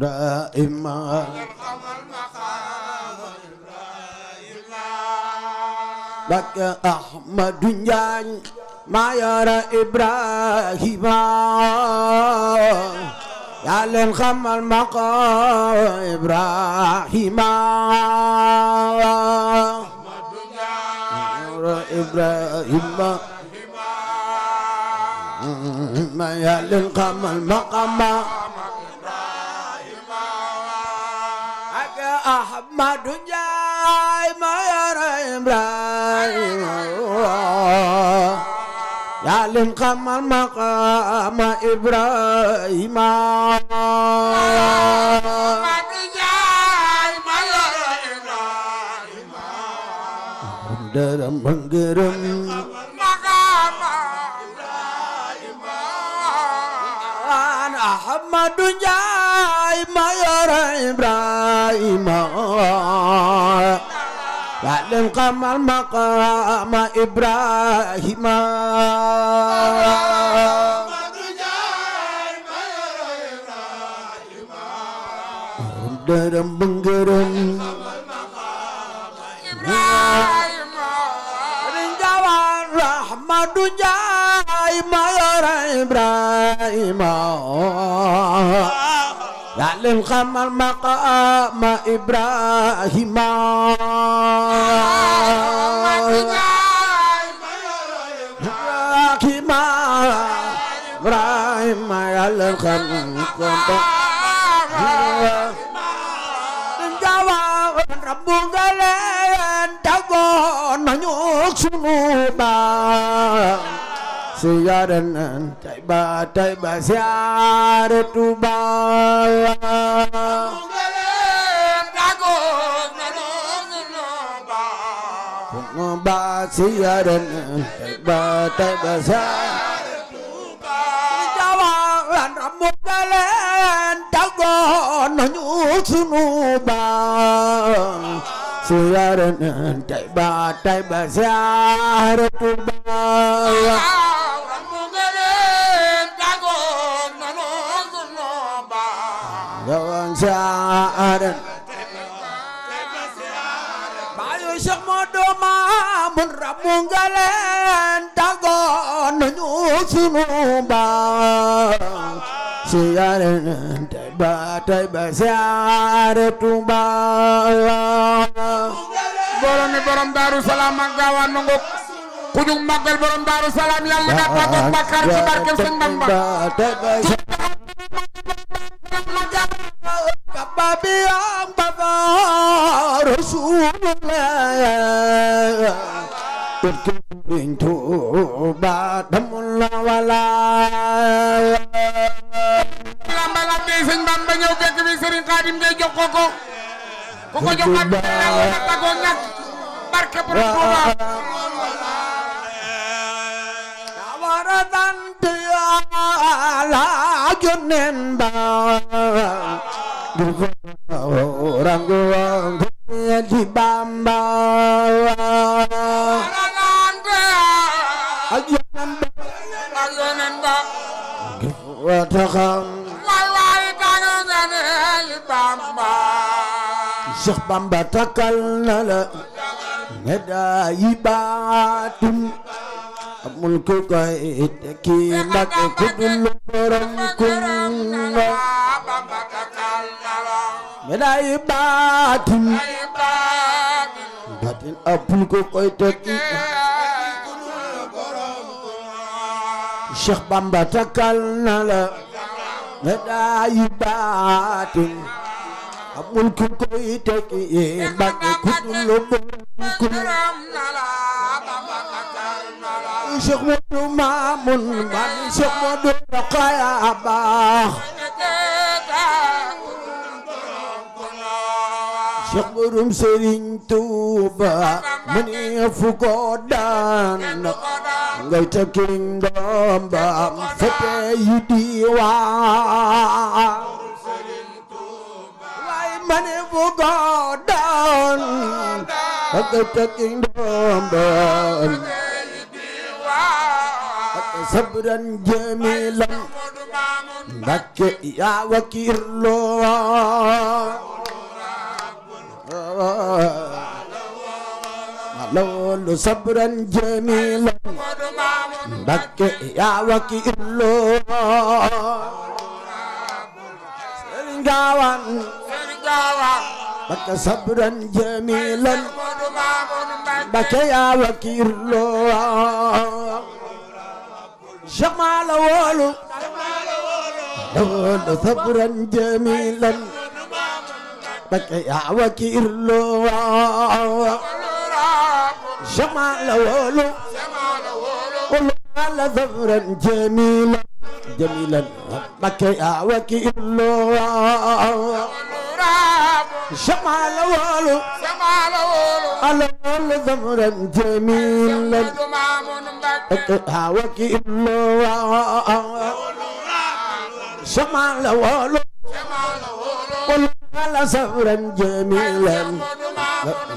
إبراهيم بك أحمد نجان ما يرى إبراهيم يا لين خمال مقام إبراهيم أحمد نجان إبراهيم ما يا لين خمال مقام Ahmadu Njaay ma yara Ibrahima yaa leen xamal maqaama Ibrahima Ahmadu Njaay ma yara Ibrahima dara ma ngërëm Ahmadu Njaay ma yore Ibrahima yaa leen xamal maqaama Ibrahima Ahmadu Njaay ma yore Ibrahima borom dërëm bëngërëm xamal maqaama Ibrahima Ahmadu Njaay ma إبراهيم يعلم خم المقام إبراهيم إبراهيم يعلم خم ربك لن تكون من يكسب siyaare nan Tayba Tayba siyaare Tuuba ba siyaare nan Tayba Tayba siyaare Tuuba jawaran ramugaleen tagoon nañu sunu ba siyaare nan Tayba Tayba siyaare Tuuba aaren bayo Cheikh Modou Mamoune rabu nga leen tàggoo nañu sunu baam siyaare tey ba tey ba siyaare Tuuba borom ni borom Daaru Salaam ak gaawaan ma ngok ku jug màggal borom Daaru Salaam yàlla nga tàggoog bàkkaar ci barke Sëñ Bamba kër Sëriñ Tuuba damul la wala lamba la tey sëñ Bamba ñëw fekk bi Sëriñ Xaadim ngay jox ko ko ko ko joxaat la tagoo ñàkk barke bu Tuuba wara dante ala jonen ba ngir ko rango di Bamba وتخم والله كنوزني البامبا شيخ بامبا تكلنا لا نداي باتم amul ku koy tekki nag ku dul borom kun me day baatin baatin amul ku koy tekki Cheikh Bamba takkal na la nga daayi baatin amul ku koy tekki mbagge ku dul ku Cheikh Modou Mamoun man Cheikh Modou Rokhaya baax Cheikh Borom Serigne Touba mëneef ko daan ngay tekki ndoom ba am fete yi diwaan waaye mëneef ko daan ngay tekki ndoom ba am sabran jamilan Mbakke yaa wakirloo loolu sabran jamilan Mbakke yaa wakiilu Sëriñ Gaawaan Mbakke sabran jamilan Mbakke yaa wakiilu Cheikh maa la wóolu loolu sabran jamilan Mbakke yaa wakiilu شمال وولو قل على ذبرا جميلا جميلا مكة يا وكيل شمال وولو شمال وولو على ذبرا جميلا مكة يا وكيل شمال وولو قل على ذبرا جميلا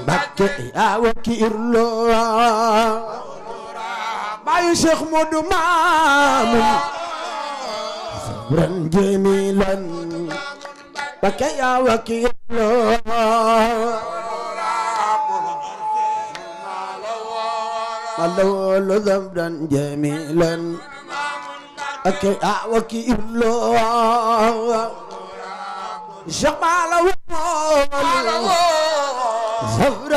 Mbàkke yaa wakiirlu bayu Cheikh Modou Mamoun sabran jamilan Mbàkke yaa wakiirlu اللول ذنبا جميلا أكي أعوكي إلا جمال